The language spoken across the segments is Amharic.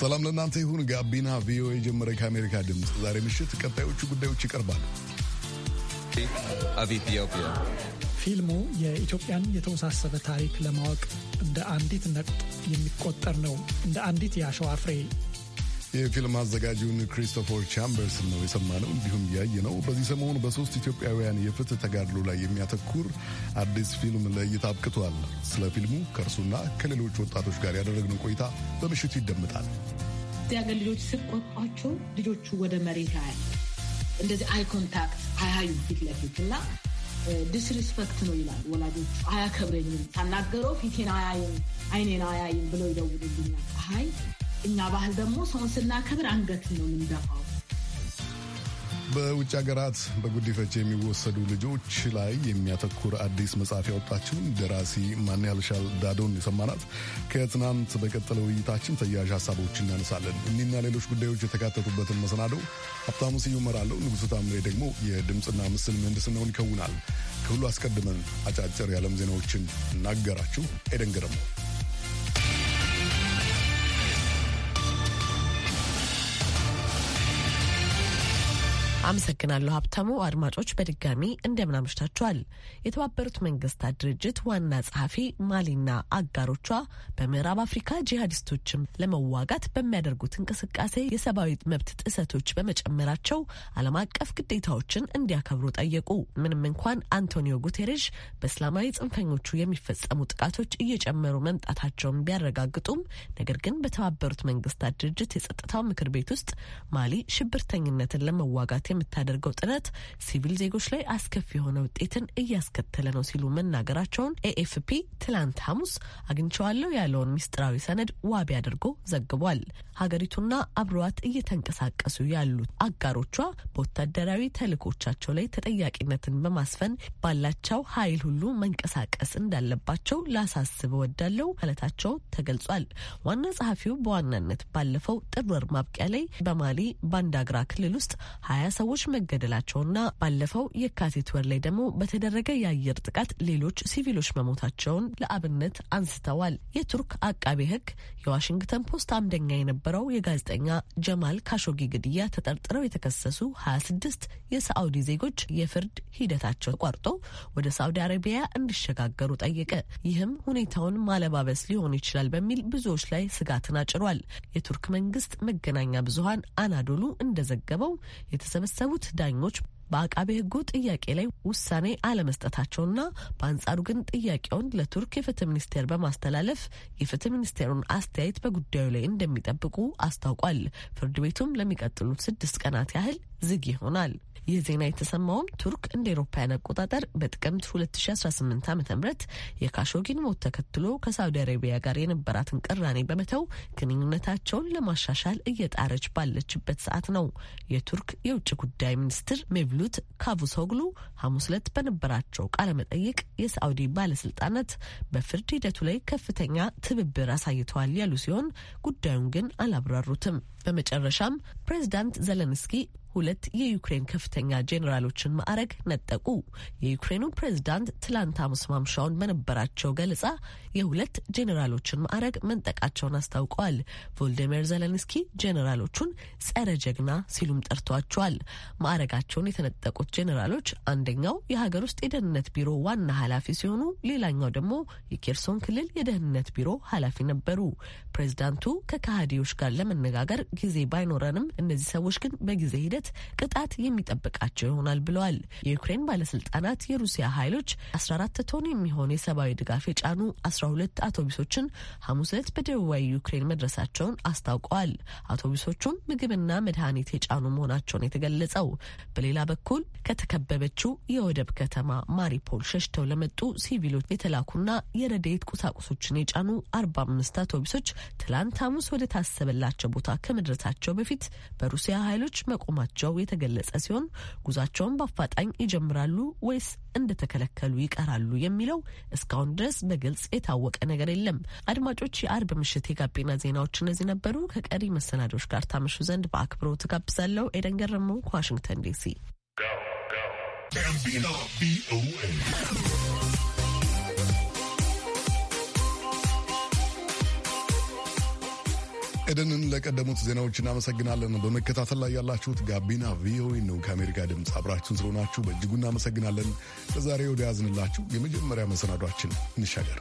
ሰላም ለእናንተ ይሁን። ጋቢና ቪኦኤ የጀመረ ከአሜሪካ ድምፅ ዛሬ ምሽት ቀጣዮቹ ጉዳዮች ይቀርባሉ። ፊልሙ የኢትዮጵያን የተወሳሰበ ታሪክ ለማወቅ እንደ አንዲት ነቅጥ የሚቆጠር ነው። እንደ አንዲት የአሸዋ ፍሬ የፊልም አዘጋጁን ክሪስቶፈር ቻምበርስ ነው የሰማነው፣ እንዲሁም ያየ ነው። በዚህ ሰሞኑ በሶስት ኢትዮጵያውያን የፍትህ ተጋድሎ ላይ የሚያተኩር አዲስ ፊልም ለእይታ አብቅቷል። ስለ ፊልሙ ከእርሱና ከሌሎች ወጣቶች ጋር ያደረግነው ቆይታ በምሽቱ ይደመጣል። እዚህ ሀገር ልጆች ስቆጧቸው ልጆቹ ወደ መሬት ያያል። እንደዚህ አይ ኮንታክት አያዩ ፊት ለፊት እና ዲስሪስፔክት ነው ይላል። ወላጆቹ አያከብረኝም፣ ሳናገረው ፊቴን አያይም፣ አይኔን አያይም ብለው ይደውሉልኛል። አይ እኛ ባህል ደግሞ ሰውን ስናከብር አንገት ነው የምንደፋው። በውጭ ሀገራት በጉዲፈቻ የሚወሰዱ ልጆች ላይ የሚያተኩር አዲስ መጽሐፍ ያወጣችው ደራሲ ማን ያልሻል ዳዶን የሰማናት። ከትናንት በቀጠለው ውይይታችን ተያዥ ሀሳቦች እናነሳለን። እኒና ሌሎች ጉዳዮች የተካተቱበትን መሰናዶ ሀብታሙ ስዩም እመራለሁ። ንጉሥ ታምሬ ደግሞ የድምፅና ምስል ምህንድስናውን ይከውናል። ከሁሉ አስቀድመን አጫጭር የዓለም ዜናዎችን እናገራችሁ ኤደን ገረመው አመሰግናለሁ ሀብታሙ። አድማጮች በድጋሚ እንደምን አምሽታችኋል። የተባበሩት መንግስታት ድርጅት ዋና ጸሐፊ ማሊና አጋሮቿ በምዕራብ አፍሪካ ጂሃዲስቶችን ለመዋጋት በሚያደርጉት እንቅስቃሴ የሰብአዊ መብት ጥሰቶች በመጨመራቸው ዓለም አቀፍ ግዴታዎችን እንዲያከብሩ ጠየቁ። ምንም እንኳን አንቶኒዮ ጉቴሬሽ በእስላማዊ ጽንፈኞቹ የሚፈጸሙ ጥቃቶች እየጨመሩ መምጣታቸውን ቢያረጋግጡም፣ ነገር ግን በተባበሩት መንግስታት ድርጅት የጸጥታው ምክር ቤት ውስጥ ማሊ ሽብርተኝነትን ለመዋጋት የምታደርገው ጥረት ሲቪል ዜጎች ላይ አስከፊ የሆነ ውጤትን እያስከተለ ነው ሲሉ መናገራቸውን ኤኤፍፒ ትላንት ሐሙስ አግኝቸዋለሁ ያለውን ምስጢራዊ ሰነድ ዋቢ አድርጎ ዘግቧል። ሀገሪቱና አብረዋት እየተንቀሳቀሱ ያሉት አጋሮቿ በወታደራዊ ተልእኮቻቸው ላይ ተጠያቂነትን በማስፈን ባላቸው ኃይል ሁሉ መንቀሳቀስ እንዳለባቸው ላሳስብ እወዳለሁ ማለታቸው ተገልጿል። ዋና ጸሐፊው በዋናነት ባለፈው ጥር ማብቂያ ላይ በማሊ ባንዳግራ ክልል ውስጥ ሀያ ሰዎች መገደላቸውና ባለፈው የካቲት ወር ላይ ደግሞ በተደረገ የአየር ጥቃት ሌሎች ሲቪሎች መሞታቸውን ለአብነት አንስተዋል። የቱርክ አቃቤ ሕግ የዋሽንግተን ፖስት አምደኛ የነበረው የጋዜጠኛ ጀማል ካሾጊ ግድያ ተጠርጥረው የተከሰሱ 26 የሳዑዲ ዜጎች የፍርድ ሂደታቸው ተቋርጦ ወደ ሳዑዲ አረቢያ እንዲሸጋገሩ ጠየቀ። ይህም ሁኔታውን ማለባበስ ሊሆን ይችላል በሚል ብዙዎች ላይ ስጋትን አጭሯል። የቱርክ መንግስት መገናኛ ብዙሀን አናዶሉ እንደዘገበው የተሰበሰ ያሰቡት ዳኞች በአቃቤ ሕጉ ጥያቄ ላይ ውሳኔ አለመስጠታቸውና በአንጻሩ ግን ጥያቄውን ለቱርክ የፍትህ ሚኒስቴር በማስተላለፍ የፍትህ ሚኒስቴሩን አስተያየት በጉዳዩ ላይ እንደሚጠብቁ አስታውቋል። ፍርድ ቤቱም ለሚቀጥሉት ስድስት ቀናት ያህል ዝግ ይሆናል። ይህ ዜና የተሰማውም ቱርክ እንደ ኤሮፓያን አቆጣጠር በጥቅምት 2018 ዓ ም የካሾጊን ሞት ተከትሎ ከሳውዲ አረቢያ ጋር የነበራትን ቅራኔ በመተው ግንኙነታቸውን ለማሻሻል እየጣረች ባለችበት ሰዓት ነው። የቱርክ የውጭ ጉዳይ ሚኒስትር ሜቭሉት ካቡሶግሉ ሐሙስ ዕለት በነበራቸው ቃለመጠይቅ የሳውዲ ባለስልጣናት በፍርድ ሂደቱ ላይ ከፍተኛ ትብብር አሳይተዋል ያሉ ሲሆን ጉዳዩን ግን አላብራሩትም። በመጨረሻም ፕሬዚዳንት ዘለንስኪ ሁለት የዩክሬን ከፍተኛ ጄኔራሎችን ማዕረግ ነጠቁ። የዩክሬኑ ፕሬዝዳንት ትላንት ሐሙስ ማምሻውን በነበራቸው ገለጻ የሁለት ጄኔራሎችን ማዕረግ መንጠቃቸውን አስታውቀዋል። ቮልዲሚር ዘለንስኪ ጄኔራሎቹን ጸረ ጀግና ሲሉም ጠርቷቸዋል። ማዕረጋቸውን የተነጠቁት ጄኔራሎች አንደኛው የሀገር ውስጥ የደህንነት ቢሮ ዋና ኃላፊ ሲሆኑ ሌላኛው ደግሞ የኬርሶን ክልል የደህንነት ቢሮ ኃላፊ ነበሩ። ፕሬዝዳንቱ ከካሃዲዎች ጋር ለመነጋገር ጊዜ ባይኖረንም እነዚህ ሰዎች ግን በጊዜ ሂደት ጥቃት ቅጣት የሚጠብቃቸው ይሆናል ብለዋል። የዩክሬን ባለስልጣናት የሩሲያ ኃይሎች 14 ቶን የሚሆን የሰብአዊ ድጋፍ የጫኑ 12 አውቶቡሶችን ሐሙስ ዕለት በደቡባዊ ዩክሬን መድረሳቸውን አስታውቀዋል። አውቶቡሶቹም ምግብና መድኃኒት የጫኑ መሆናቸውን የተገለጸው። በሌላ በኩል ከተከበበችው የወደብ ከተማ ማሪፖል ሸሽተው ለመጡ ሲቪሎች የተላኩና የረድኤት ቁሳቁሶችን የጫኑ 45 አውቶቡሶች ትላንት ሐሙስ ወደ ታሰበላቸው ቦታ ከመድረሳቸው በፊት በሩሲያ ኃይሎች መቆማቸው መሆናቸው የተገለጸ ሲሆን ጉዟቸውን በአፋጣኝ ይጀምራሉ ወይስ እንደተከለከሉ ይቀራሉ የሚለው እስካሁን ድረስ በግልጽ የታወቀ ነገር የለም። አድማጮች፣ የአርብ ምሽት የጋቢና ዜናዎች እነዚህ ነበሩ። ከቀሪ መሰናዶች ጋር ታመሹ ዘንድ በአክብሮት ትጋብዛለሁ ኤደን ገረመው ከዋሽንግተን ዲሲ ኤደንን ለቀደሙት ዜናዎች እናመሰግናለን። በመከታተል ላይ ያላችሁት ጋቢና ቪኦኤ ነው። ከአሜሪካ ድምፅ አብራችሁን ስለሆናችሁ በእጅጉ እናመሰግናለን። ለዛሬ ወደ ያዝንላችሁ የመጀመሪያ መሰናዷችን እንሻገር።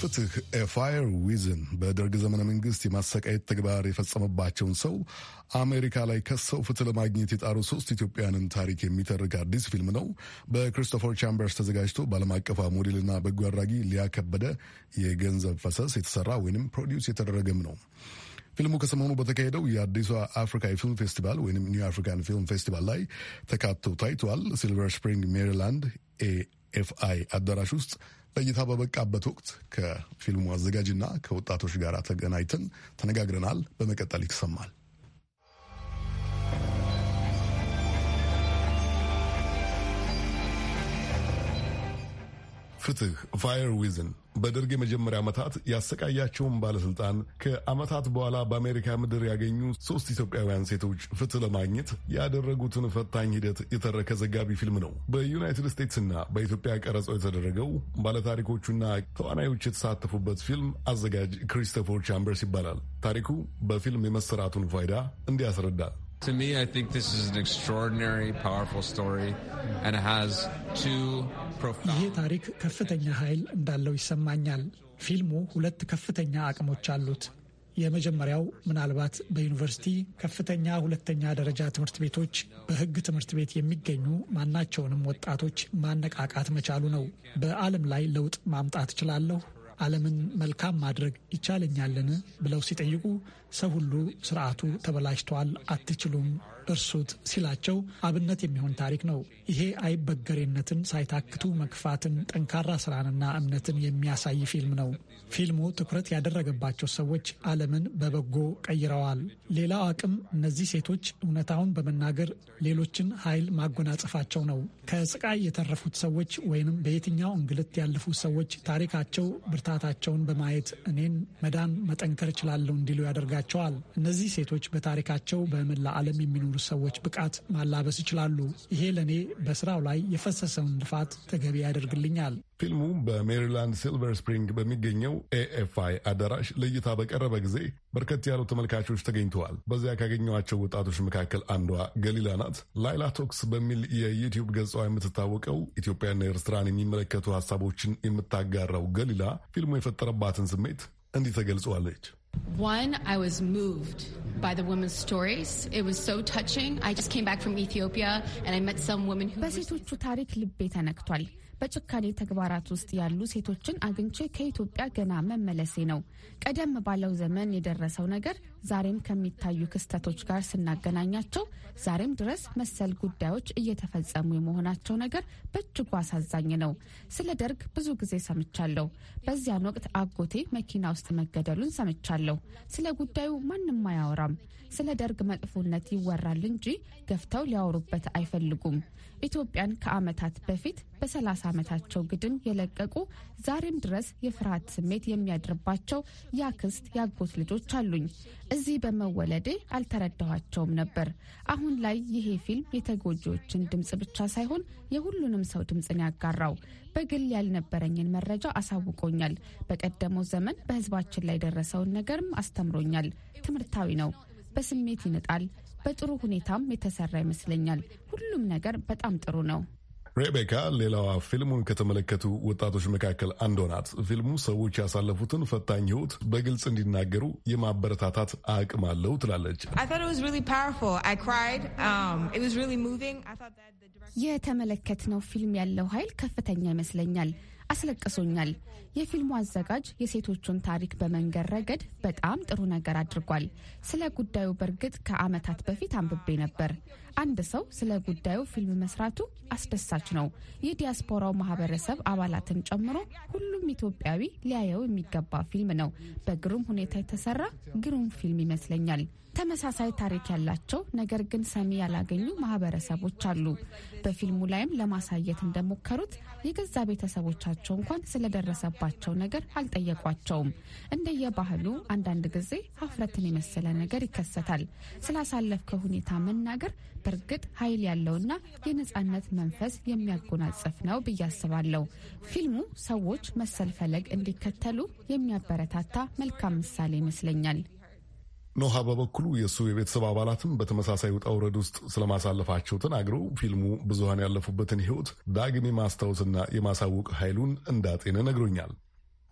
ፍትህ ፋየር ዊዝን በደርግ ዘመነ መንግስት የማሰቃየት ተግባር የፈጸመባቸውን ሰው አሜሪካ ላይ ከሰው ፍትህ ለማግኘት የጣሩ ሶስት ኢትዮጵያውያንን ታሪክ የሚተርክ አዲስ ፊልም ነው። በክሪስቶፈር ቻምበርስ ተዘጋጅቶ በዓለም አቀፍ ሞዴልና በጎ አድራጊ ሊያከበደ የገንዘብ ፈሰስ የተሰራ ወይም ፕሮዲውስ የተደረገም ነው። ፊልሙ ከሰሞኑ በተካሄደው የአዲሷ አፍሪካ የፊልም ፌስቲቫል ወይም ኒው አፍሪካን ፊልም ፌስቲቫል ላይ ተካቶ ታይቷል። ሲልቨር ስፕሪንግ ሜሪላንድ ኤኤፍአይ አዳራሽ ውስጥ ለእይታ በበቃበት ወቅት ከፊልሙ አዘጋጅና ከወጣቶች ጋር ተገናኝተን ተነጋግረናል። በመቀጠል ይሰማል። ፍትህ ፋየር ዊዝን በደርግ የመጀመሪያ ዓመታት ያሰቃያቸውን ባለሥልጣን ከዓመታት በኋላ በአሜሪካ ምድር ያገኙ ሦስት ኢትዮጵያውያን ሴቶች ፍትህ ለማግኘት ያደረጉትን ፈታኝ ሂደት የተረከ ዘጋቢ ፊልም ነው። በዩናይትድ ስቴትስና በኢትዮጵያ ቀረጸው የተደረገው ባለታሪኮቹና ተዋናዮች የተሳተፉበት ፊልም አዘጋጅ ክሪስቶፈር ቻምበርስ ይባላል። ታሪኩ በፊልም የመሰራቱን ፋይዳ እንዲያስረዳል። To me, I think this is an extraordinary, powerful story and it has two profound... ይሄ ታሪክ ከፍተኛ ኃይል እንዳለው ይሰማኛል። ፊልሙ ሁለት ከፍተኛ አቅሞች አሉት። የመጀመሪያው ምናልባት በዩኒቨርሲቲ ከፍተኛ ሁለተኛ ደረጃ ትምህርት ቤቶች በሕግ ትምህርት ቤት የሚገኙ ማናቸውንም ወጣቶች ማነቃቃት መቻሉ ነው። በዓለም ላይ ለውጥ ማምጣት እችላለሁ ዓለምን መልካም ማድረግ ይቻለኛልን ብለው ሲጠይቁ ሰው ሁሉ ስርዓቱ ተበላሽተዋል፣ አትችሉም እርሱት ሲላቸው አብነት የሚሆን ታሪክ ነው። ይሄ አይበገሬነትን፣ ሳይታክቱ መግፋትን፣ ጠንካራ ስራንና እምነትን የሚያሳይ ፊልም ነው። ፊልሙ ትኩረት ያደረገባቸው ሰዎች ዓለምን በበጎ ቀይረዋል። ሌላው አቅም እነዚህ ሴቶች እውነታውን በመናገር ሌሎችን ኃይል ማጎናጸፋቸው ነው። ከስቃይ የተረፉት ሰዎች ወይንም በየትኛው እንግልት ያለፉት ሰዎች ታሪካቸው ብርታታቸውን በማየት እኔን መዳን መጠንከር እችላለሁ እንዲሉ ያደርጋቸዋል። እነዚህ ሴቶች በታሪካቸው በመላ ዓለም የሚኖሩ ሰዎች ብቃት ማላበስ ይችላሉ። ይሄ ለእኔ በስራው ላይ የፈሰሰውን ልፋት ተገቢ ያደርግልኛል። ፊልሙ በሜሪላንድ ሲልቨር ስፕሪንግ በሚገኘው ኤኤፍአይ አዳራሽ ለእይታ በቀረበ ጊዜ በርከት ያሉ ተመልካቾች ተገኝተዋል። በዚያ ካገኘኋቸው ወጣቶች መካከል አንዷ ገሊላ ናት። ላይላ ቶክስ በሚል የዩቲዩብ ገጿ የምትታወቀው ኢትዮጵያና ኤርትራን የሚመለከቱ ሀሳቦችን የምታጋራው ገሊላ ፊልሙ የፈጠረባትን ስሜት እንዲህ ተገልጸዋለች። One, I was moved በሴቶቹ ታሪክ ልቤ ተነክቷል። በጭካኔ ተግባራት ውስጥ ያሉ ሴቶችን አግኝቼ ከኢትዮጵያ ገና መመለሴ ነው። ቀደም ባለው ዘመን የደረሰው ነገር ዛሬም ከሚታዩ ክስተቶች ጋር ስናገናኛቸው ዛሬም ድረስ መሰል ጉዳዮች እየተፈጸሙ የመሆናቸው ነገር በእጅጉ አሳዛኝ ነው። ስለ ደርግ ብዙ ጊዜ ሰምቻለሁ። በዚያን ወቅት አጎቴ መኪና ውስጥ መገደሉን ሰምቻለሁ። ስለ ጉዳዩ ማንም አያወራም። ስለ ደርግ መጥፎነት ይወራል እንጂ ገፍተው ሊያወሩበት አይፈልጉም። ኢትዮጵያን ከዓመታት በፊት በሰላሳ ዓመታቸው ግድም የለቀቁ ዛሬም ድረስ የፍርሃት ስሜት የሚያድርባቸው ያክስት ያጎት ልጆች አሉኝ። እዚህ በመወለዴ አልተረዳኋቸውም ነበር። አሁን ላይ ይሄ ፊልም የተጎጂዎችን ድምፅ ብቻ ሳይሆን የሁሉንም ሰው ድምፅን ያጋራው በግል ያልነበረኝን መረጃ አሳውቆኛል። በቀደመው ዘመን በህዝባችን ላይ ደረሰውን ነገርም አስተምሮኛል። ትምህርታዊ ነው። በስሜት ይንጣል። በጥሩ ሁኔታም የተሰራ ይመስለኛል። ሁሉም ነገር በጣም ጥሩ ነው። ሬቤካ ሌላዋ ፊልሙን ከተመለከቱ ወጣቶች መካከል አንዷ ናት። ፊልሙ ሰዎች ያሳለፉትን ፈታኝ ሕይወት በግልጽ እንዲናገሩ የማበረታታት አቅም አለው ትላለች። um, የተመለከትነው ፊልም ያለው ኃይል ከፍተኛ ይመስለኛል። አስለቅሶኛል። የፊልሙ አዘጋጅ የሴቶቹን ታሪክ በመንገድ ረገድ በጣም ጥሩ ነገር አድርጓል። ስለ ጉዳዩ በእርግጥ ከዓመታት በፊት አንብቤ ነበር። አንድ ሰው ስለ ጉዳዩ ፊልም መስራቱ አስደሳች ነው። የዲያስፖራው ማህበረሰብ አባላትን ጨምሮ ሁሉም ኢትዮጵያዊ ሊያየው የሚገባ ፊልም ነው። በግሩም ሁኔታ የተሰራ ግሩም ፊልም ይመስለኛል። ተመሳሳይ ታሪክ ያላቸው ነገር ግን ሰሚ ያላገኙ ማህበረሰቦች አሉ። በፊልሙ ላይም ለማሳየት እንደሞከሩት የገዛ ቤተሰቦቻቸው እንኳን ስለደረሰባቸው ነገር አልጠየቋቸውም። እንደየባህሉ አንዳንድ ጊዜ ሀፍረትን የመሰለ ነገር ይከሰታል። ስላሳለፍከው ሁኔታ መናገር በእርግጥ ኃይል ያለውና የነጻነት መንፈስ የሚያጎናጽፍ ነው ብዬ አስባለሁ። ፊልሙ ሰዎች መሰል ፈለግ እንዲከተሉ የሚያበረታታ መልካም ምሳሌ ይመስለኛል። ኖሃ በበኩሉ የእሱ የቤተሰብ አባላትም በተመሳሳይ ውጣ ውረድ ውስጥ ስለማሳለፋቸው ተናግረው ፊልሙ ብዙሀን ያለፉበትን ህይወት ዳግም የማስታወስና የማሳወቅ ኃይሉን እንዳጤነ ነግሮኛል።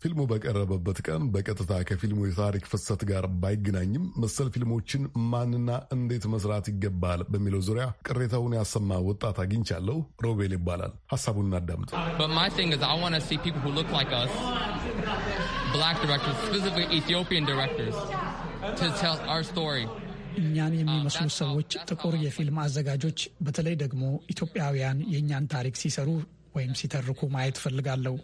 ፊልሙ በቀረበበት ቀን በቀጥታ ከፊልሙ የታሪክ ፍሰት ጋር ባይገናኝም መሰል ፊልሞችን ማንና እንዴት መስራት ይገባል በሚለው ዙሪያ ቅሬታውን ያሰማ ወጣት አግኝቻለሁ። ሮቤል ይባላል። ሀሳቡን እናዳምጥ። እኛን um, የሚመስሉ ሰዎች፣ ጥቁር የፊልም አዘጋጆች፣ በተለይ ደግሞ ኢትዮጵያውያን የእኛን ታሪክ ሲሰሩ ወይም ሲተርኩ ማየት እፈልጋለሁ።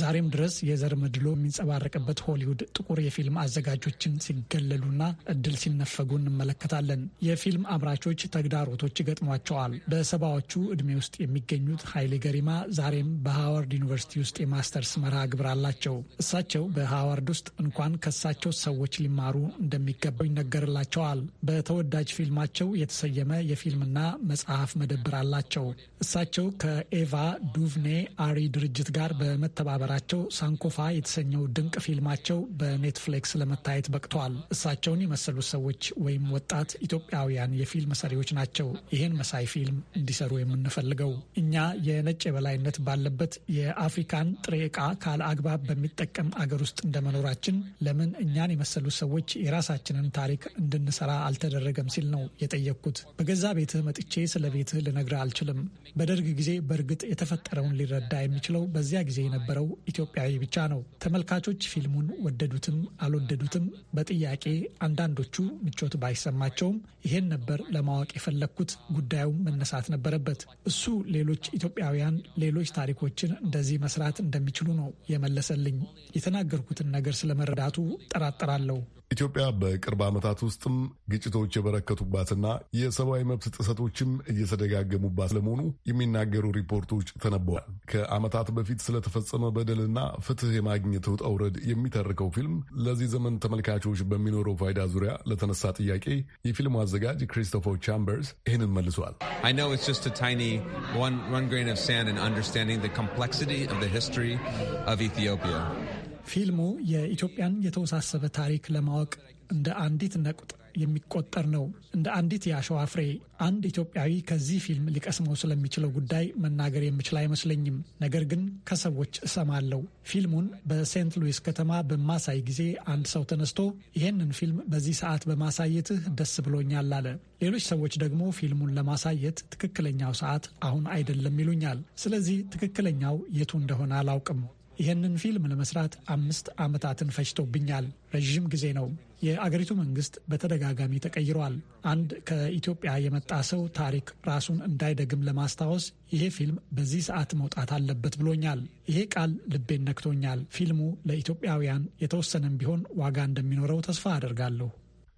ዛሬም ድረስ የዘር መድሎ የሚንጸባረቅበት ሆሊውድ ጥቁር የፊልም አዘጋጆችን ሲገለሉና እድል ሲነፈጉ እንመለከታለን። የፊልም አምራቾች ተግዳሮቶች ገጥሟቸዋል። በሰባዎቹ ዕድሜ ውስጥ የሚገኙት ኃይሌ ገሪማ ዛሬም በሃዋርድ ዩኒቨርሲቲ ውስጥ የማስተርስ መርሃ ግብር አላቸው። እሳቸው በሃዋርድ ውስጥ እንኳን ከሳቸው ሰዎች ሊማሩ እንደሚገባው ይነገርላቸዋል። በተወዳጅ ፊልማቸው የተሰየመ የፊልምና መጽሐፍ መደብር አላቸው። እሳቸው ከኤቫ ዱቭኔ አሪ ድርጅት ጋር በመተባበር ማህበራቸው ሳንኮፋ የተሰኘው ድንቅ ፊልማቸው በኔትፍሊክስ ለመታየት በቅቷል። እሳቸውን የመሰሉት ሰዎች ወይም ወጣት ኢትዮጵያውያን የፊልም ሰሪዎች ናቸው ይህን መሳይ ፊልም እንዲሰሩ የምንፈልገው። እኛ የነጭ የበላይነት ባለበት የአፍሪካን ጥሬ ዕቃ ካለአግባብ አግባብ በሚጠቀም አገር ውስጥ እንደመኖራችን ለምን እኛን የመሰሉ ሰዎች የራሳችንን ታሪክ እንድንሰራ አልተደረገም ሲል ነው የጠየቅኩት። በገዛ ቤትህ መጥቼ ስለ ቤትህ ልነግር አልችልም። በደርግ ጊዜ በእርግጥ የተፈጠረውን ሊረዳ የሚችለው በዚያ ጊዜ የነበረው ኢትዮጵያዊ ብቻ ነው። ተመልካቾች ፊልሙን ወደዱትም አልወደዱትም በጥያቄ አንዳንዶቹ ምቾት ባይሰማቸውም ይሄን ነበር ለማወቅ የፈለግኩት፣ ጉዳዩም መነሳት ነበረበት። እሱ ሌሎች ኢትዮጵያውያን ሌሎች ታሪኮችን እንደዚህ መስራት እንደሚችሉ ነው የመለሰልኝ። የተናገርኩትን ነገር ስለመረዳቱ ጠራጠራለሁ። ኢትዮጵያ በቅርብ ዓመታት ውስጥም ግጭቶች የበረከቱባትና የሰብአዊ መብት ጥሰቶችም እየተደጋገሙባት ስለመሆኑ የሚናገሩ ሪፖርቶች ተነበዋል። ከዓመታት በፊት ስለተፈጸመ በደልና ፍትህ የማግኘት ውጣ ውረድ የሚተርከው ፊልም ለዚህ ዘመን ተመልካቾች በሚኖረው ፋይዳ ዙሪያ ለተነሳ ጥያቄ የፊልሙ አዘጋጅ ክሪስቶፈር ቻምበርስ ይህንን መልሷል። ፊልሙ የኢትዮጵያን የተወሳሰበ ታሪክ ለማወቅ እንደ አንዲት ነቁጥ የሚቆጠር ነው። እንደ አንዲት የአሸዋ ፍሬ አንድ ኢትዮጵያዊ ከዚህ ፊልም ሊቀስመው ስለሚችለው ጉዳይ መናገር የምችል አይመስለኝም። ነገር ግን ከሰዎች እሰማለሁ። ፊልሙን በሴንት ሉዊስ ከተማ በማሳይ ጊዜ አንድ ሰው ተነስቶ ይህንን ፊልም በዚህ ሰዓት በማሳየትህ ደስ ብሎኛል አለ። ሌሎች ሰዎች ደግሞ ፊልሙን ለማሳየት ትክክለኛው ሰዓት አሁን አይደለም ይሉኛል። ስለዚህ ትክክለኛው የቱ እንደሆነ አላውቅም። ይህንን ፊልም ለመስራት አምስት ዓመታትን ፈጅቶብኛል። ረዥም ጊዜ ነው። የአገሪቱ መንግስት በተደጋጋሚ ተቀይሯል። አንድ ከኢትዮጵያ የመጣ ሰው ታሪክ ራሱን እንዳይደግም ለማስታወስ ይሄ ፊልም በዚህ ሰዓት መውጣት አለበት ብሎኛል። ይሄ ቃል ልቤን ነክቶኛል። ፊልሙ ለኢትዮጵያውያን የተወሰነም ቢሆን ዋጋ እንደሚኖረው ተስፋ አደርጋለሁ።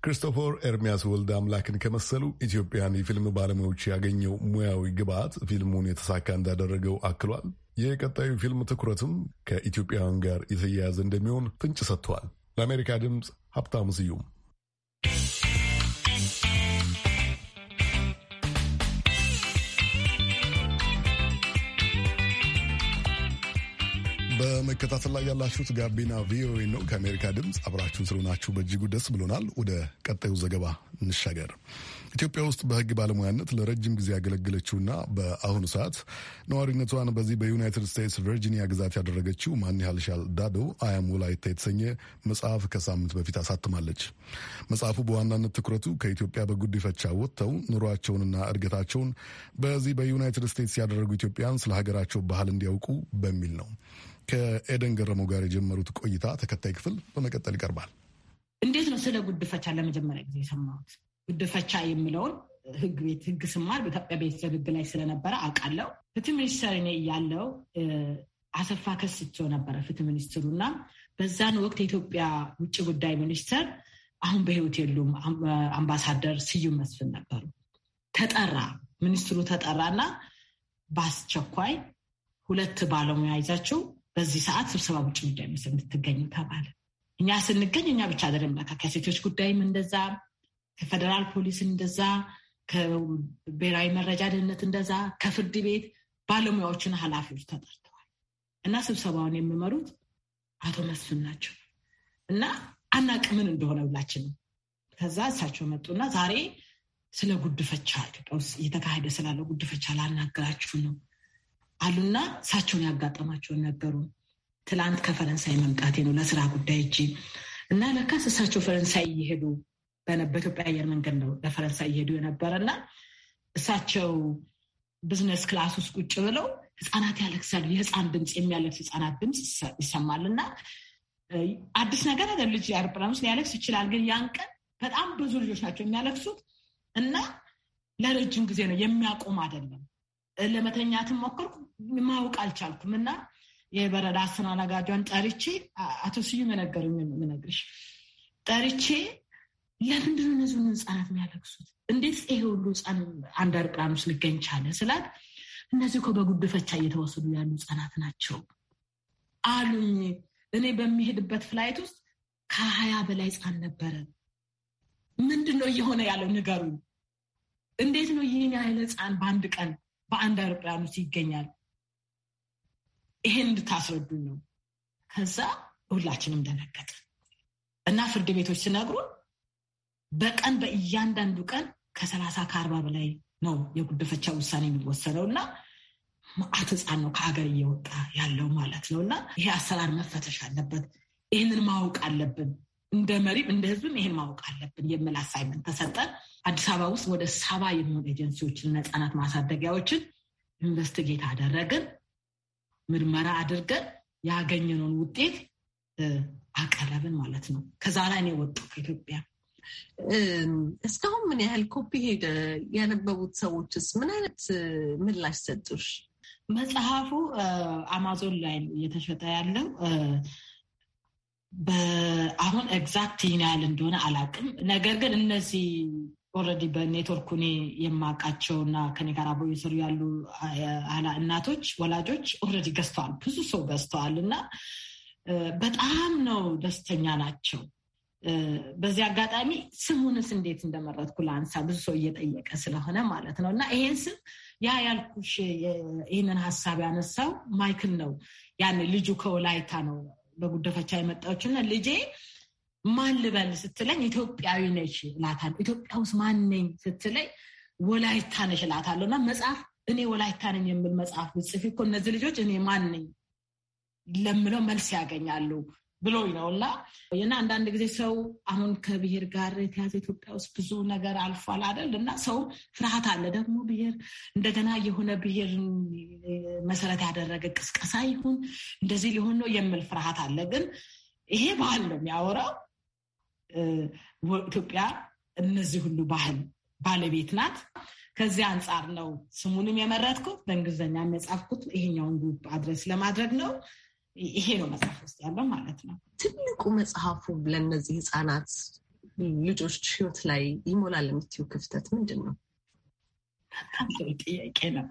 ክሪስቶፈር ኤርሚያስ ወልድ አምላክን ከመሰሉ ኢትዮጵያን የፊልም ባለሙያዎች ያገኘው ሙያዊ ግብዓት ፊልሙን የተሳካ እንዳደረገው አክሏል። የቀጣዩ ፊልም ትኩረትም ከኢትዮጵያውያን ጋር የተያያዘ እንደሚሆን ፍንጭ ሰጥቷል። ለአሜሪካ ድምፅ ሀብታሙ ስዩም። በመከታተል ላይ ያላችሁት ጋቢና ቪኦኤ ነው። ከአሜሪካ ድምፅ አብራችሁን ስለሆናችሁ በእጅጉ ደስ ብሎናል። ወደ ቀጣዩ ዘገባ እንሻገር። ኢትዮጵያ ውስጥ በህግ ባለሙያነት ለረጅም ጊዜ ያገለገለችውና በአሁኑ ሰዓት ነዋሪነቷን በዚህ በዩናይትድ ስቴትስ ቨርጂኒያ ግዛት ያደረገችው ማንያልሻል ዳዶ አያም ወላይታ የተሰኘ መጽሐፍ ከሳምንት በፊት አሳትማለች። መጽሐፉ በዋናነት ትኩረቱ ከኢትዮጵያ በጉዲፈቻ ወጥተው ኑሯቸውንና እድገታቸውን በዚህ በዩናይትድ ስቴትስ ያደረጉ ኢትዮጵያን ስለ ሀገራቸው ባህል እንዲያውቁ በሚል ነው። ከኤደን ገረመው ጋር የጀመሩት ቆይታ ተከታይ ክፍል በመቀጠል ይቀርባል። እንዴት ነው ስለ ጉድፈቻ ለመጀመሪያ ጊዜ የሰማሁት? ግድፈቻ የሚለውን ህግ ቤት ህግ ስማር በኢትዮጵያ ቤተሰብ ህግ ላይ ስለነበረ አውቃለሁ። ፍትህ ሚኒስተር እኔ እያለው አሰፋ ከስቸው ነበረ ፍትህ ሚኒስትሩ እና በዛን ወቅት የኢትዮጵያ ውጭ ጉዳይ ሚኒስተር አሁን በህይወት የሉም አምባሳደር ስዩም መስፍን ነበሩ። ተጠራ ሚኒስትሩ ተጠራ በአስቸኳይ ሁለት ባለሙያ ይዛችሁ በዚህ ሰዓት ስብሰባ ውጭ ጉዳይ ሚኒስትር እንድትገኙ ተባለ። እኛ ስንገኝ እኛ ብቻ አይደለም ለካ ከሴቶች ጉዳይም እንደዛ ከፌደራል ፖሊስ እንደዛ፣ ከብሔራዊ መረጃ ደህንነት እንደዛ፣ ከፍርድ ቤት ባለሙያዎችና ኃላፊዎች ተጠርተዋል እና ስብሰባውን የሚመሩት አቶ መስፍን ናቸው እና አናቅምን እንደሆነ ሁላችንም። ከዛ እሳቸው መጡና ዛሬ ስለ ጉድፈቻ ኢትዮጵያ ውስጥ እየተካሄደ ስላለ ጉድፈቻ ላናገራችሁ ነው አሉና እሳቸውን ያጋጠማቸውን ነገሩ። ትላንት ከፈረንሳይ መምጣቴ ነው ለስራ ጉዳይ እጅ እና ለካስ እሳቸው ፈረንሳይ እየሄዱ በኢትዮጵያ አየር መንገድ ነው ለፈረንሳይ እየሄዱ የነበረ እና እሳቸው ቢዝነስ ክላስ ውስጥ ቁጭ ብለው ህፃናት ያለቅሳሉ። የህፃን ድምፅ የሚያለቅስ ህፃናት ድምፅ ይሰማል እና አዲስ ነገር አይደል። ልጅ አውሮፕላን ውስጥ ሊያለቅስ ይችላል። ግን ያን ቀን በጣም ብዙ ልጆች ናቸው የሚያለቅሱት እና ለረጅም ጊዜ ነው የሚያቆም አይደለም። ለመተኛትም ሞከርኩ፣ ማወቅ አልቻልኩም እና የበረራ አስተናጋጇን ጠርቼ አቶ ስዩ የነገሩኝ የምነግርሽ ጠርቼ ለምንድነው እነዚህ ህፃናት የሚያለቅሱት? እንዴት ይሄ ሁሉ ህፃን አንድ አርቃን ውስጥ ሊገኝ ቻለ ስላት እነዚህ እኮ በጉድፈቻ እየተወሰዱ ያሉ ህፃናት ናቸው አሉኝ። እኔ በሚሄድበት ፍላይት ውስጥ ከሀያ በላይ ህፃን ነበረ። ምንድን ነው እየሆነ ያለው ንገሩ። እንዴት ነው ይህን ያህል ህፃን በአንድ ቀን በአንድ አውሮፕላን ውስጥ ይገኛል? ይሄን እንድታስረዱኝ ነው። ከዛ ሁላችንም ደነገጥን እና ፍርድ ቤቶች ሲነግሩን በቀን በእያንዳንዱ ቀን ከሰላሳ ከአርባ በላይ ነው የጉድፈቻ ውሳኔ የሚወሰደው እና መዓት ህፃን ነው ከሀገር እየወጣ ያለው ማለት ነው እና ይሄ አሰራር መፈተሽ አለበት። ይህንን ማወቅ አለብን። እንደ መሪም እንደ ህዝብም ይህን ማወቅ አለብን የሚል አሳይመንት ተሰጠን። አዲስ አበባ ውስጥ ወደ ሰባ የሚሆኑ ኤጀንሲዎችንና ህፃናት ማሳደጊያዎችን ኢንቨስቲጌት አደረግን። ምርመራ አድርገን ያገኘነውን ውጤት አቀረብን ማለት ነው። ከዛ ላይ ነው የወጡ ከኢትዮጵያ እስካሁን ምን ያህል ኮፒ ሄደ? ያነበቡት ሰዎችስ ምን አይነት ምላሽ ሰጡሽ? መጽሐፉ አማዞን ላይ እየተሸጠ ያለው አሁን ኤግዛክት ይህን ያህል እንደሆነ አላውቅም። ነገር ግን እነዚህ ኦልሬዲ በኔትወርኩ እኔ የማውቃቸው እና ከኔ ጋር አብረው የሰሩ ያሉ እናቶች፣ ወላጆች ኦልሬዲ ገዝተዋል። ብዙ ሰው ገዝተዋል እና በጣም ነው ደስተኛ ናቸው። በዚህ አጋጣሚ ስሙንስ እንዴት እንደመረጥኩ ለአንሳ ብዙ ሰው እየጠየቀ ስለሆነ ማለት ነው። እና ይሄን ስም ያ ያልኩሽ ይህንን ሀሳብ ያነሳው ማይክል ነው። ያን ልጁ ከወላይታ ነው በጉደፈቻ የመጣዎች እና ልጄ ማን ልበል ስትለኝ ኢትዮጵያዊ ነች እላታለሁ። ኢትዮጵያ ውስጥ ማን ነኝ ስትለኝ ወላይታ ነች እላታለሁ። እና መጽሐፍ እኔ ወላይታ ነኝ የምል መጽሐፍ ብጽፊ እኮ እነዚህ ልጆች እኔ ማን ነኝ ለምለው መልስ ያገኛሉ ብሎኝ ነው እና እና አንዳንድ ጊዜ ሰው አሁን ከብሔር ጋር የተያዘ ኢትዮጵያ ውስጥ ብዙ ነገር አልፏል አይደል? እና ሰው ፍርሃት አለ ደግሞ ብሔር እንደገና የሆነ ብሔር መሰረት ያደረገ ቅስቀሳ ይሁን እንደዚህ ሊሆን ነው የሚል ፍርሃት አለ። ግን ይሄ ባህል ነው የሚያወራው። ኢትዮጵያ እነዚህ ሁሉ ባህል ባለቤት ናት። ከዚህ አንጻር ነው ስሙንም የመረጥኩት በእንግሊዝኛ የጻፍኩት ይሄኛውን ግሩፕ አድረስ ለማድረግ ነው። ይሄ ነው መጽሐፍ ውስጥ ያለው ማለት ነው። ትልቁ መጽሐፉ ለእነዚህ ህፃናት ልጆች ህይወት ላይ ይሞላል የምትዩ ክፍተት ምንድን ነው? ጥያቄ ነው።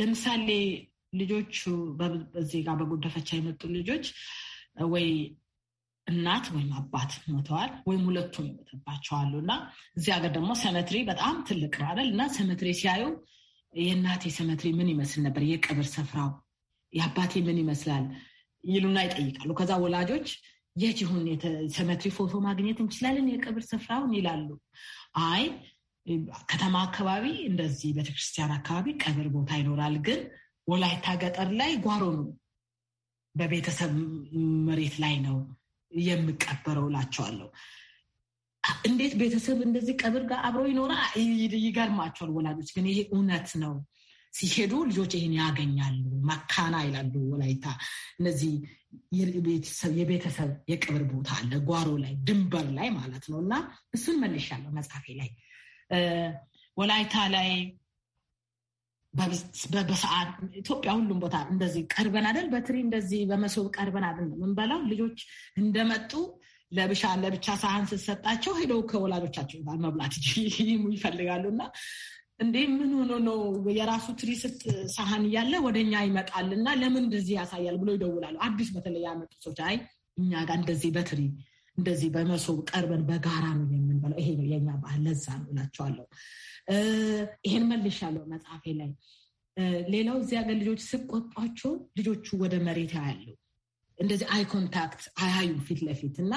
ለምሳሌ ልጆቹ በዚህ ጋር በጉደፈቻ የመጡ ልጆች ወይ እናት ወይም አባት ሞተዋል ወይም ሁለቱም ሞተባቸዋሉ እና እዚህ ሀገር ደግሞ ሰመትሪ በጣም ትልቅ ነው አይደል? እና ሰመትሪ ሲያዩ የእናቴ ሰመትሪ ምን ይመስል ነበር፣ የቀብር ስፍራው የአባቴ ምን ይመስላል ይሉና ይጠይቃሉ። ከዛ ወላጆች የት ይሁን ሰመትሪ ፎቶ ማግኘት እንችላለን የቅብር ስፍራውን ይላሉ። አይ ከተማ አካባቢ እንደዚህ ቤተክርስቲያን አካባቢ ቀብር ቦታ ይኖራል፣ ግን ወላይታ ገጠር ላይ ጓሮ ነው፣ በቤተሰብ መሬት ላይ ነው የምቀበረው እላቸዋለሁ። እንዴት ቤተሰብ እንደዚህ ቀብር ጋር አብረው ይኖራ ይገርማቸዋል ወላጆች። ግን ይሄ እውነት ነው ሲሄዱ ልጆች ይህን ያገኛሉ። መካና ይላሉ ወላይታ። እነዚህ የቤተሰብ የቅብር ቦታ አለ ጓሮ ላይ ድንበር ላይ ማለት ነው። እና እሱን መልሻለሁ መጽሐፌ ላይ ወላይታ ላይ በሰዓት ኢትዮጵያ ሁሉም ቦታ እንደዚህ ቀርበን አይደል፣ በትሪ እንደዚህ በመሶብ ቀርበን አይደል ምንበላው ልጆች እንደመጡ ለብሻ ለብቻ ሳህን ስትሰጣቸው ሄደው ከወላጆቻቸው ጋር መብላት ይፈልጋሉ እና እንዴ ምን ሆኖ ነው የራሱ ትሪስት ሳህን እያለ ወደ እኛ ይመጣል እና ለምን እንደዚህ ያሳያል ብሎ ይደውላሉ። አዲስ በተለይ ያመጡ ሰዎች አይ እኛ ጋር እንደዚህ በትሪ እንደዚህ በመሶብ ቀርበን በጋራ ነው የምንበላው። ይሄ ነው የኛ ባህል፣ ለዛ ነው እላቸዋለሁ። ይሄን መልሻለሁ መጽሐፌ ላይ። ሌላው እዚህ ሀገር ልጆች ስቆጧቸው ልጆቹ ወደ መሬት ያያሉ። እንደዚህ አይ ኮንታክት አያዩ ፊት ለፊት እና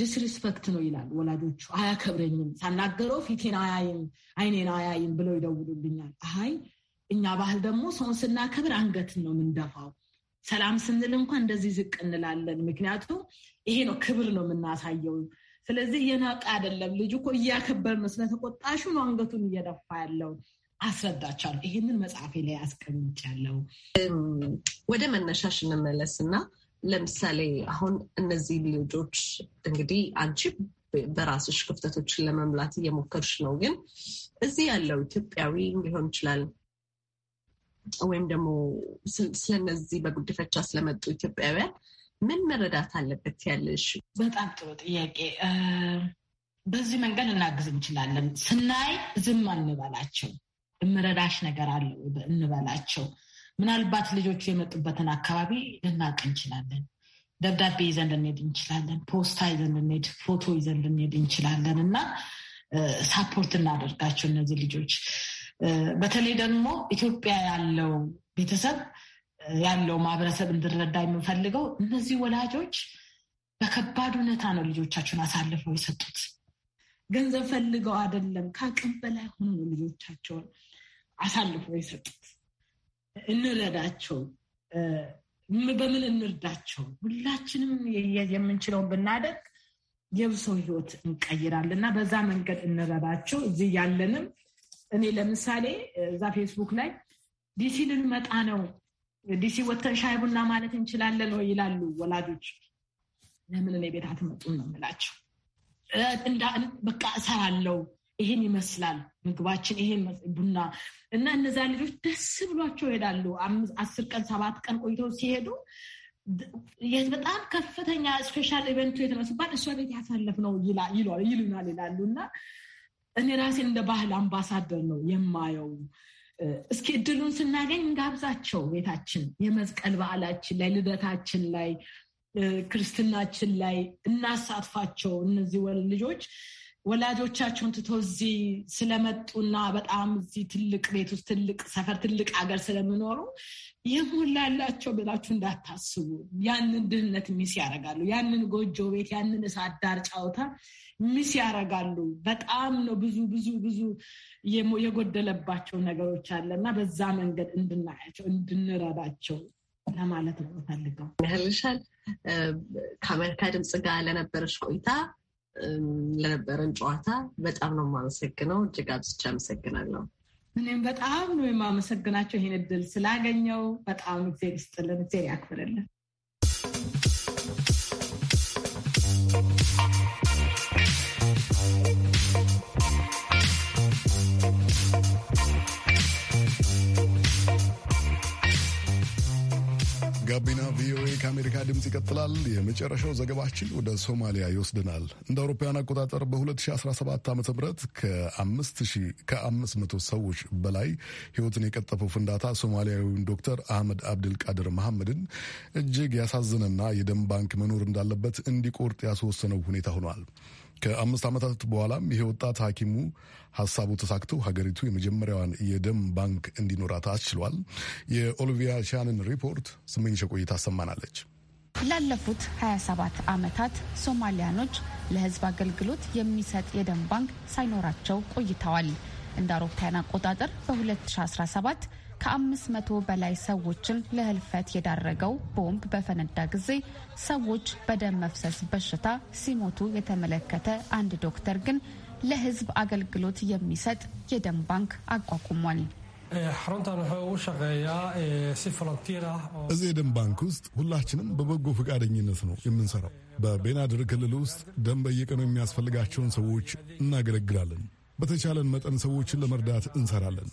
ዲስሪስፐክት ነው ይላል። ወላጆቹ አያከብረኝም፣ ሳናገረው ፊቴን አያይም፣ አይኔን አያይም ብለው ይደውሉልኛል። አይ እኛ ባህል ደግሞ ሰውን ስናከብር አንገትን ነው የምንደፋው። ሰላም ስንል እንኳን እንደዚህ ዝቅ እንላለን። ምክንያቱም ይሄ ነው ክብር ነው የምናሳየው። ስለዚህ እየናቀ አይደለም ልጁ እኮ እያከበር ነው። ስለተቆጣሹ ነው አንገቱን እየደፋ ያለው። አስረዳቻለሁ። ይህንን መጽሐፌ ላይ አስቀምጫለሁ። ወደ መነሻሽ እንመለስና ለምሳሌ አሁን እነዚህ ልጆች እንግዲህ አንቺ በራስሽ ክፍተቶችን ለመምላት እየሞከርሽ ነው። ግን እዚህ ያለው ኢትዮጵያዊ ሊሆን ይችላል ወይም ደግሞ ስለነዚህ በጉድፈቻ ስለመጡ ኢትዮጵያውያን ምን መረዳት አለበት ያለሽ? በጣም ጥሩ ጥያቄ። በዚህ መንገድ ልናግዝ እንችላለን። ስናይ ዝም አንበላቸው፣ እምረዳሽ ነገር አለ እንበላቸው። ምናልባት ልጆቹ የመጡበትን አካባቢ ልናውቅ እንችላለን። ደብዳቤ ይዘን ልንሄድ እንችላለን። ፖስታ ይዘን ልንሄድ፣ ፎቶ ይዘን ልንሄድ እንችላለን እና ሳፖርት እናደርጋቸው እነዚህ ልጆች በተለይ ደግሞ ኢትዮጵያ ያለው ቤተሰብ ያለው ማህበረሰብ እንድረዳ የምንፈልገው እነዚህ ወላጆች በከባድ ሁኔታ ነው ልጆቻቸውን አሳልፈው የሰጡት። ገንዘብ ፈልገው አይደለም፣ ከአቅም በላይ ሆኖ ነው ልጆቻቸውን አሳልፈው የሰጡት። እንረዳቸው፣ በምን እንርዳቸው? ሁላችንም የምንችለውን ብናደርግ የብሰው ህይወት እንቀይራለን እና በዛ መንገድ እንረዳቸው። እዚህ ያለንም እኔ ለምሳሌ እዛ ፌስቡክ ላይ ዲሲ ልንመጣ ነው፣ ዲሲ ወተን ሻይ ቡና ማለት እንችላለን ወይ ይላሉ ወላጆች። ለምን እኔ ቤት አትመጡም ነው የምላቸው። በቃ እሰራለሁ ይሄን ይመስላል ምግባችን፣ ይሄን ቡና እና እነዛ ልጆች ደስ ብሏቸው ይሄዳሉ። አስር ቀን ሰባት ቀን ቆይተው ሲሄዱ በጣም ከፍተኛ ስፔሻል ኢቨንቱ የተነሱባት እሷ ቤት ያሳለፍ ነው ይሉናል ይላሉ። እና እኔ ራሴን እንደ ባህል አምባሳደር ነው የማየው። እስኪ እድሉን ስናገኝ እንጋብዛቸው ቤታችን የመስቀል በዓላችን ላይ፣ ልደታችን ላይ፣ ክርስትናችን ላይ እናሳትፋቸው እነዚህ ወል ልጆች ወላጆቻችሁን ትቶ እዚህ ስለመጡና በጣም እዚህ ትልቅ ቤት ውስጥ ትልቅ ሰፈር፣ ትልቅ ሀገር ስለምኖሩ የሞላላቸው ብላችሁ እንዳታስቡ። ያንን ድህነት ሚስ ያደርጋሉ። ያንን ጎጆ ቤት፣ ያንን እሳት ዳር ጫወታ ሚስ ያደርጋሉ። በጣም ነው ብዙ ብዙ ብዙ የጎደለባቸው ነገሮች አለ እና በዛ መንገድ እንድናያቸው እንድንረዳቸው ለማለት ነው ፈልገው ከአሜሪካ ድምፅ ጋር ለነበረች ቆይታ ለነበረን ጨዋታ በጣም ነው የማመሰግነው። እጅግ አብዝቼ አመሰግናለሁ። እኔም በጣም ነው የማመሰግናቸው ይህን እድል ስላገኘው። በጣም እግዜር ይስጥልን፣ እግዜር ያክብርልን። Thank you. ጋቢና ቪኦኤ ከአሜሪካ ድምፅ ይቀጥላል። የመጨረሻው ዘገባችን ወደ ሶማሊያ ይወስድናል። እንደ አውሮፓውያን አቆጣጠር በ2017 ዓ ም ከ500 ሰዎች በላይ ህይወትን የቀጠፈው ፍንዳታ ሶማሊያዊውን ዶክተር አህመድ አብድልቃድር መሐመድን እጅግ ያሳዘነና የደም ባንክ መኖር እንዳለበት እንዲቆርጥ ያስወሰነው ሁኔታ ሆኗል። ከአምስት ዓመታት በኋላም ይሄ ወጣት ሐኪሙ ሀሳቡ ተሳክቶ ሀገሪቱ የመጀመሪያዋን የደም ባንክ እንዲኖራት አስችሏል። የኦሊቪያ ሻንን ሪፖርት ስመኝሸ ቆይታ አሰማናለች። ላለፉት 27 ዓመታት ሶማሊያኖች ለሕዝብ አገልግሎት የሚሰጥ የደም ባንክ ሳይኖራቸው ቆይተዋል። እንደ አውሮፓውያን አቆጣጠር በ2017 ከአምስት መቶ በላይ ሰዎችን ለህልፈት የዳረገው ቦምብ በፈነዳ ጊዜ ሰዎች በደም መፍሰስ በሽታ ሲሞቱ የተመለከተ አንድ ዶክተር ግን ለህዝብ አገልግሎት የሚሰጥ የደም ባንክ አቋቁሟል። እዚህ የደም ባንክ ውስጥ ሁላችንም በበጎ ፈቃደኝነት ነው የምንሰራው። በቤናድር ክልል ውስጥ ደም በየቀኑ የሚያስፈልጋቸውን ሰዎች እናገለግላለን። በተቻለን መጠን ሰዎችን ለመርዳት እንሰራለን።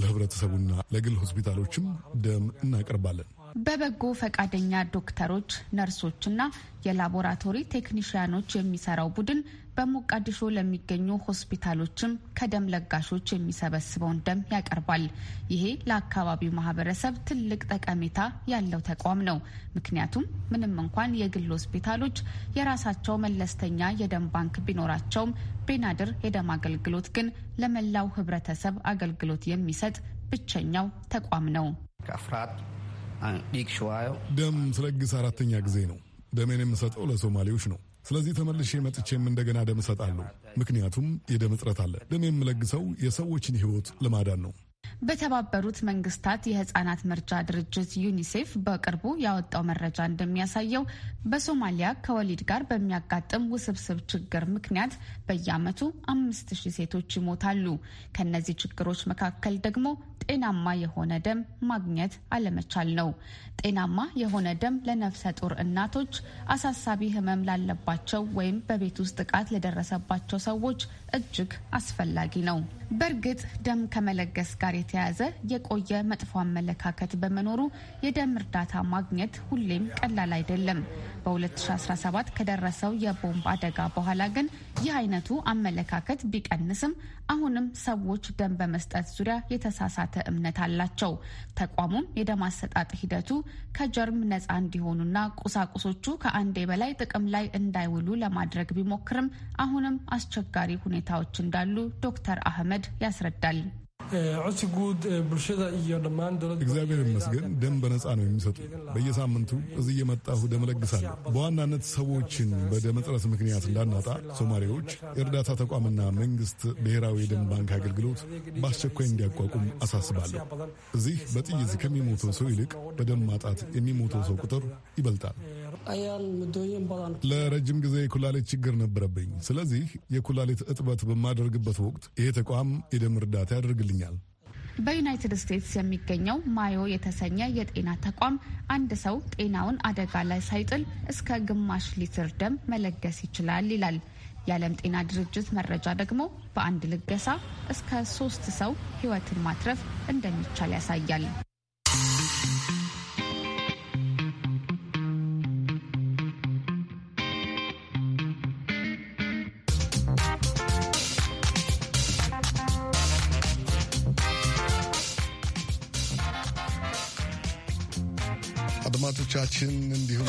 ለህብረተሰቡና ለግል ሆስፒታሎችም ደም እናቀርባለን። በበጎ ፈቃደኛ ዶክተሮች፣ ነርሶችና የላቦራቶሪ ቴክኒሽያኖች የሚሰራው ቡድን በሞቃዲሾ ለሚገኙ ሆስፒታሎችም ከደም ለጋሾች የሚሰበስበውን ደም ያቀርባል። ይሄ ለአካባቢው ማህበረሰብ ትልቅ ጠቀሜታ ያለው ተቋም ነው። ምክንያቱም ምንም እንኳን የግል ሆስፒታሎች የራሳቸው መለስተኛ የደም ባንክ ቢኖራቸውም ቤናድር የደም አገልግሎት ግን ለመላው ህብረተሰብ አገልግሎት የሚሰጥ ብቸኛው ተቋም ነው። ደም ስለግስ አራተኛ ጊዜ ነው። ደሜን የምሰጠው ለሶማሌዎች ነው። ስለዚህ ተመልሼ መጥቼም እንደገና ደም እሰጣለሁ። ምክንያቱም የደም እጥረት አለ። ደም የምለግሰው የሰዎችን ሕይወት ለማዳን ነው። በተባበሩት መንግስታት የህጻናት መርጃ ድርጅት ዩኒሴፍ በቅርቡ ያወጣው መረጃ እንደሚያሳየው በሶማሊያ ከወሊድ ጋር በሚያጋጥም ውስብስብ ችግር ምክንያት በየአመቱ አምስት ሺህ ሴቶች ይሞታሉ። ከነዚህ ችግሮች መካከል ደግሞ ጤናማ የሆነ ደም ማግኘት አለመቻል ነው። ጤናማ የሆነ ደም ለነፍሰ ጡር እናቶች፣ አሳሳቢ ህመም ላለባቸው ወይም በቤት ውስጥ ጥቃት ለደረሰባቸው ሰዎች እጅግ አስፈላጊ ነው። በእርግጥ ደም ከመለገስ ጋር የተያዘ የቆየ መጥፎ አመለካከት በመኖሩ የደም እርዳታ ማግኘት ሁሌም ቀላል አይደለም። በ2017 ከደረሰው የቦምብ አደጋ በኋላ ግን ይህ አይነቱ አመለካከት ቢቀንስም አሁንም ሰዎች ደም በመስጠት ዙሪያ የተሳሳተ እምነት አላቸው። ተቋሙም የደም አሰጣጥ ሂደቱ ከጀርም ነፃ እንዲሆኑና ቁሳቁሶቹ ከአንዴ በላይ ጥቅም ላይ እንዳይውሉ ለማድረግ ቢሞክርም አሁንም አስቸጋሪ ሁኔታዎች እንዳሉ ዶክተር አህመድ ያስረዳል። እግዚአብሔር ይመስገን ደም በነፃ ነው የሚሰጡ። በየሳምንቱ እዚህ እየመጣሁ ደም ለግሳለሁ በዋናነት ሰዎችን በደም እጥረት ምክንያት እንዳናጣ ሶማሌዎች የእርዳታ ተቋምና መንግስት ብሔራዊ የደም ባንክ አገልግሎት በአስቸኳይ እንዲያቋቁም አሳስባለሁ። እዚህ በጥይት ከሚሞተው ሰው ይልቅ በደም ማጣት የሚሞተው ሰው ቁጥር ይበልጣል። ለረጅም ጊዜ የኩላሊት ችግር ነበረብኝ። ስለዚህ የኩላሊት እጥበት በማደርግበት ወቅት ይሄ ተቋም የደም እርዳታ ያደርግልኝ ይገኛል። በዩናይትድ ስቴትስ የሚገኘው ማዮ የተሰኘ የጤና ተቋም አንድ ሰው ጤናውን አደጋ ላይ ሳይጥል እስከ ግማሽ ሊትር ደም መለገስ ይችላል ይላል። የዓለም ጤና ድርጅት መረጃ ደግሞ በአንድ ልገሳ እስከ ሶስት ሰው ሕይወትን ማትረፍ እንደሚቻል ያሳያል። አድማጮቻችን እንዲሁም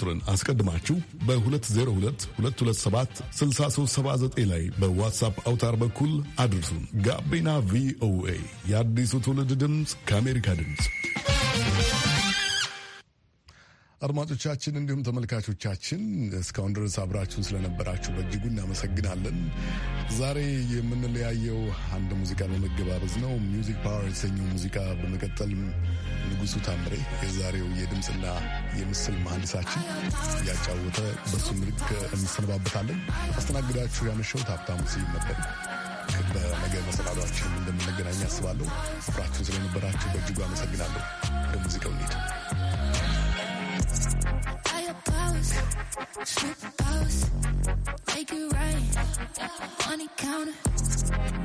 ቁጥርን አስቀድማችሁ በ2022276379 ላይ በዋትሳፕ አውታር በኩል አድርሱን። ጋቢና ቪኦኤ የአዲሱ ትውልድ ድምፅ ከአሜሪካ ድምፅ አድማጮቻችን እንዲሁም ተመልካቾቻችን እስካሁን ድረስ አብራችሁን ስለነበራችሁ በእጅጉ እናመሰግናለን። ዛሬ የምንለያየው አንድ ሙዚቃ በመገባበዝ ነው። ሚውዚክ ፓወር የተሰኘው ሙዚቃ በመቀጠል ንጉሱ ታምሬ የዛሬው የድምፅና የምስል መሐንዲሳችን እያጫወተ በሱ ምልክ እንሰነባበታለን። አስተናግዳችሁ ያመሸው ሀብታሙ ስዩም ነበር። በነገ መሰናዷችን እንደምንገናኝ አስባለሁ። አብራችሁን ስለነበራችሁ በእጅጉ አመሰግናለሁ። ወደ ሙዚቃው እንሂድ። house, strip house, take it right Money counter,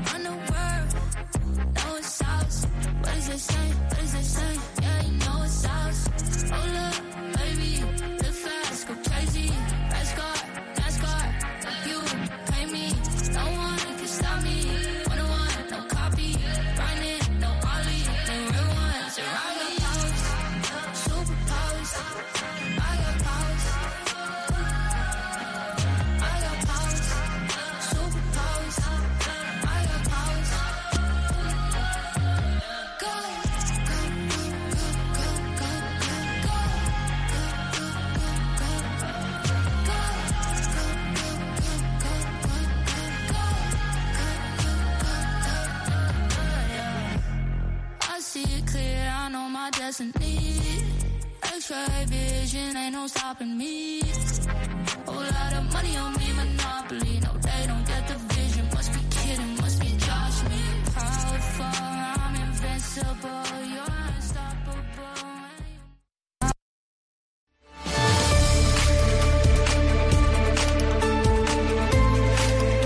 run the world. Know it's ours. What is it saying? What is it saying? Yeah, you know it's ours. Hold up, baby.